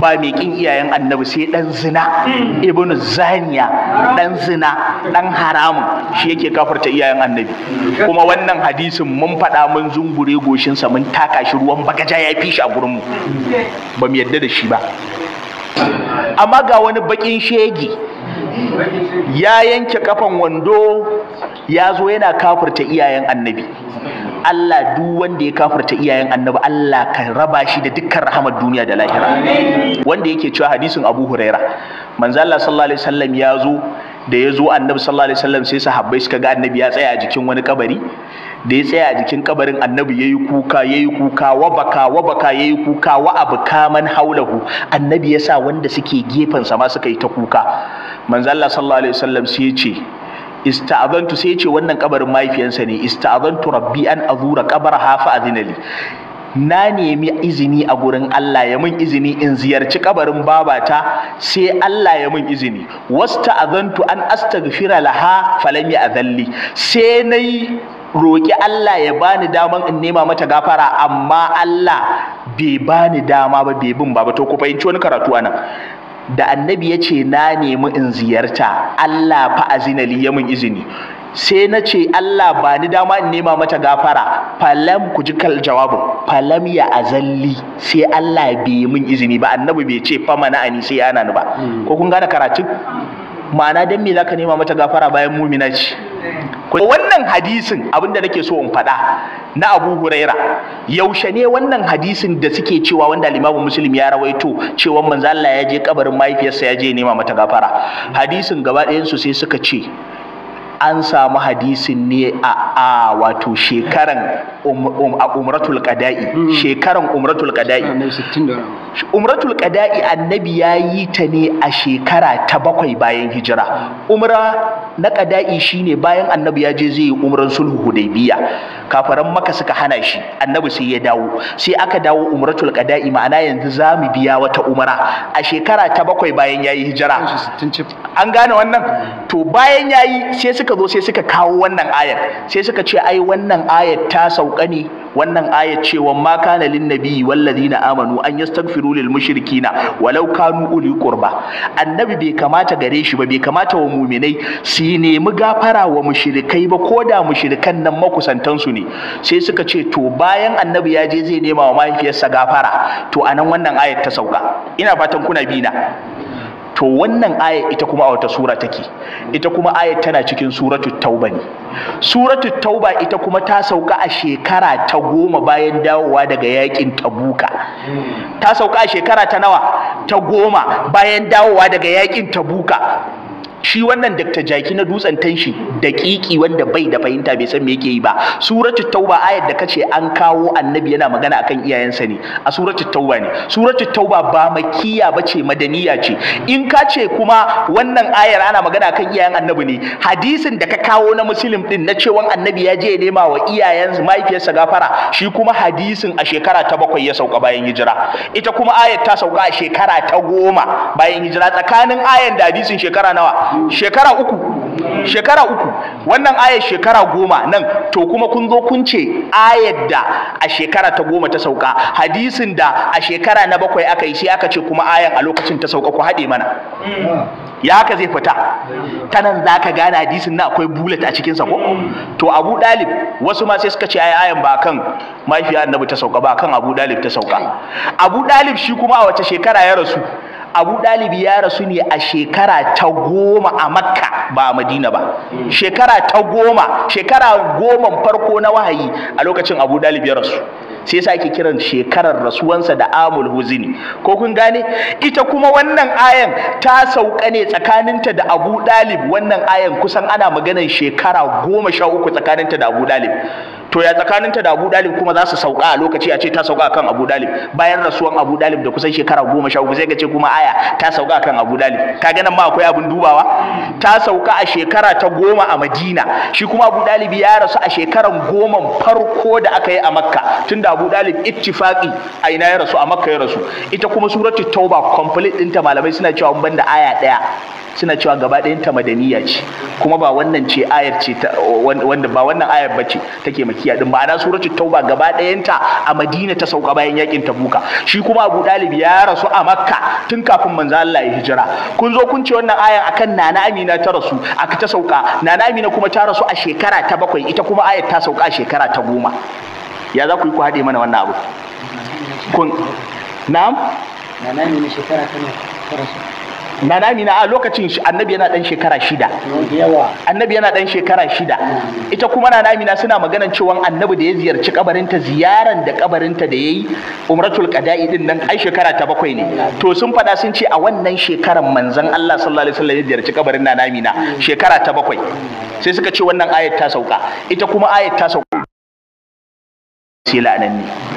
ba mai kin iyayen annabi sai dan zina hmm. ibnu zaniya dan zina dan haramun shi yake kafarta iyayen annabi kuma wannan hadisin mun faɗa mun zungure goshinsa mun taka shi ruwan bagaja ya fi shi a mu ba mu yadda da shi ba amma ga wani bakin shegi ya yanke kafan wando ya zo yana kafarta iyayen annabi Allah duk wanda ya kafarta iyayen annabi Allah ka raba shi da dukkan rahamar duniya da lahira wanda yake cewa hadisin Abu Huraira manzo Allah sallallahu alaihi wasallam ya zo da ya zo annabi sallallahu alaihi wasallam sai sahabbai suka ga annabi ya tsaya a jikin wani kabari da ya tsaya a jikin kabarin annabi yayi kuka yayi kuka wa baka wa baka yayi kuka wa abka man haulahu annabi yasa wanda suke gefen sa ma suka yi ta kuka manzo Allah sallallahu alaihi wasallam sai ya ce ista'azantu sai ce wannan kabarin mahaifiyansa ne istazantu rabbi an azura kabar hafa azinali na nemi izini a gurin Allah ya mun izini in ziyarci kabarin babata sai Allah ya mun izini wasta azantu an astaghfira laha falam ya azalli sai nayi roƙi Allah ya bani daman in nema mata gafara amma Allah bai bani dama ba bai bin ba to ku fahimci wani karatu anan da annabi ya ce na nemi in ziyarta Allah fa azinali ya mun izini sai na ce Allah ba ni dama in nema mata gafara falam ku ji kal jawabin falam ya azalli sai Allah bai yi min izini ba annabi bai ce fa mana ani sai ana ni ba hmm. ko kun gane karatun ma'ana dan me zaka nema mata gafara bayan mumina ce wannan hadisin abin da nake so in faɗa na Abu Huraira yaushe ne wannan hadisin da suke cewa wanda Limamin Muslim ya rawaito cewa manzo Allah ya je kabarin mahaifiyarsa ya je nema mata gafara hadisin gaba ɗayan su sai suka ce an samu hadisin ne a a wato shekaran um, um, a umratul qada'i hmm. shekaran umratul qada'i umratul qada'i annabi ya yi ta ne a shekara ta bakwai bayan hijira hmm. umra na qada'i shine bayan annabi ya je zai yi umran sulhu hudaybiya kafaran maka suka hana shi annabi sai ya dawo sai aka dawo umratul qada'i ma'ana yanzu za mu biya wata umara a shekara ta bakwai bayan yayi hijira an gane wannan to bayan yayi sai suka zo sai suka kawo wannan ayar sai suka ce ai wannan ayar ta sauka ne wannan aya cewa ma kana lin nabiyyi wallazina amanu an yastaghfiru lil mushrikina walau kanu uli qurba annabi bai kamata gare shi ba bai kamata wa muminai su nemi gafara wa mushrikai ba ko da mushrikan nan makusantan su ne sai suka ce to bayan annabi ya je zai nema wa mahaifiyarsa gafara to anan wannan ayat ta sauka ina fatan kuna bi na to wannan aya ita kuma a wata sura take ita kuma aya tana cikin suratu tauba ne suratu tauba ita kuma ta sauka a shekara ta goma bayan dawowa daga yakin tabuka ta sauka a shekara ta nawa ta goma bayan dawowa daga yakin tabuka shi wannan Dr. Jaki na dutsen tanshi daƙiƙi wanda bai da fahimta bai san me yake yi ba suratu tauba ayar da kace an kawo annabi yana magana akan iyayensa ne a suratu tauba ne suratu tauba ba makiya bace madaniya ce in ka ce kuma wannan ayar ana magana akan iyayen annabi ne hadisin da ka kawo na muslim din na cewan annabi ya je nema wa iyayen mahaifiyarsa gafara shi kuma hadisin a shekara ta bakwai ya sauka bayan hijira ita kuma ayar ta sauka a shekara ta goma bayan hijira tsakanin ayar da hadisin shekara nawa shekara uku shekara uku wannan ayar shekara goma nan to kuma kun zo kun ce ayar da a shekara ta goma ta sauka hadisin da a shekara na bakwai aka yi sai aka ce kuma ayan a lokacin ta sauka ku haɗe mana hmm. ya haka zai fita ta nan za ka gane hadisin na akwai bulet a cikinsa ko to abu dalib wasu ma sai suka ce ayi ayan ba kan mafiya annabi ta sauka ba kan abu dalib ta sauka abu dalib shi kuma a wace shekara ya rasu abu dalib ya rasu ne a shekara ta goma a makka ba a madina ba shekara ta goma shekara goma farko na wahayi a lokacin abu dalib ya rasu sai yasa ake kiran shekarar rasuwansa da amul huzini ko kun gane ita kuma wannan ayan ta sauka ne tsakaninta da Abu Dalib wannan ayan kusan ana maganar shekara goma sha uku tsakaninta da Abu Dalib to ya tsakaninta da Abu Dalib kuma za su sauka a lokaci a ce ta sauka kan Abu Dalib bayan rasuwan Abu Dalib da kusan shekara goma sha uku sai ka ce kuma aya ta sauka kan Abu Dalib ka ga nan ma akwai abin dubawa ta sauka a shekara ta goma a Madina shi kuma Abu Dalib ya rasu a shekaran goman farko da aka yi a Makka tunda Abu Dalib ittifaqi a ina ya rasu a Makka ya rasu ita kuma suratul Tauba complete ɗinta malamai suna cewa ban da aya ɗaya suna cewa gaba ɗayan ta madaniya ce kuma ba wannan ce ayar ce ta wanda ba wannan ayar bace take maki makiya din ma'ana suratul tauba gaba ɗayanta a madina ta sauka bayan yakin tabuka shi kuma abu dalib ya rasu a makka tun kafin manzo Allah ya hijira kun zo kun ce wannan ayan akan nana amina ta rasu aka ta sauka nana amina kuma ta rasu a shekara ta bakwai ita kuma ayat ta sauka a shekara ta goma ya za ku yi ku haɗe mana wannan abu kun na'am nana amina shekara ta rasu nana na a lokacin annabi yana dan shekara shida annabi yana dan shekara shida ita kuma nana na suna maganan cewa annabi da ya ziyarci kabarinta ziyaran da kabarinta da yayi umratul qada'i din nan ai shekara ta bakwai ne to sun fada sun ce a wannan shekaran manzon Allah sallallahu alaihi wasallam ya ziyarci kabarin nana amina shekara ta bakwai sai suka ce wannan ayat ta sauka ita kuma ayat ta sauka sai la'ananni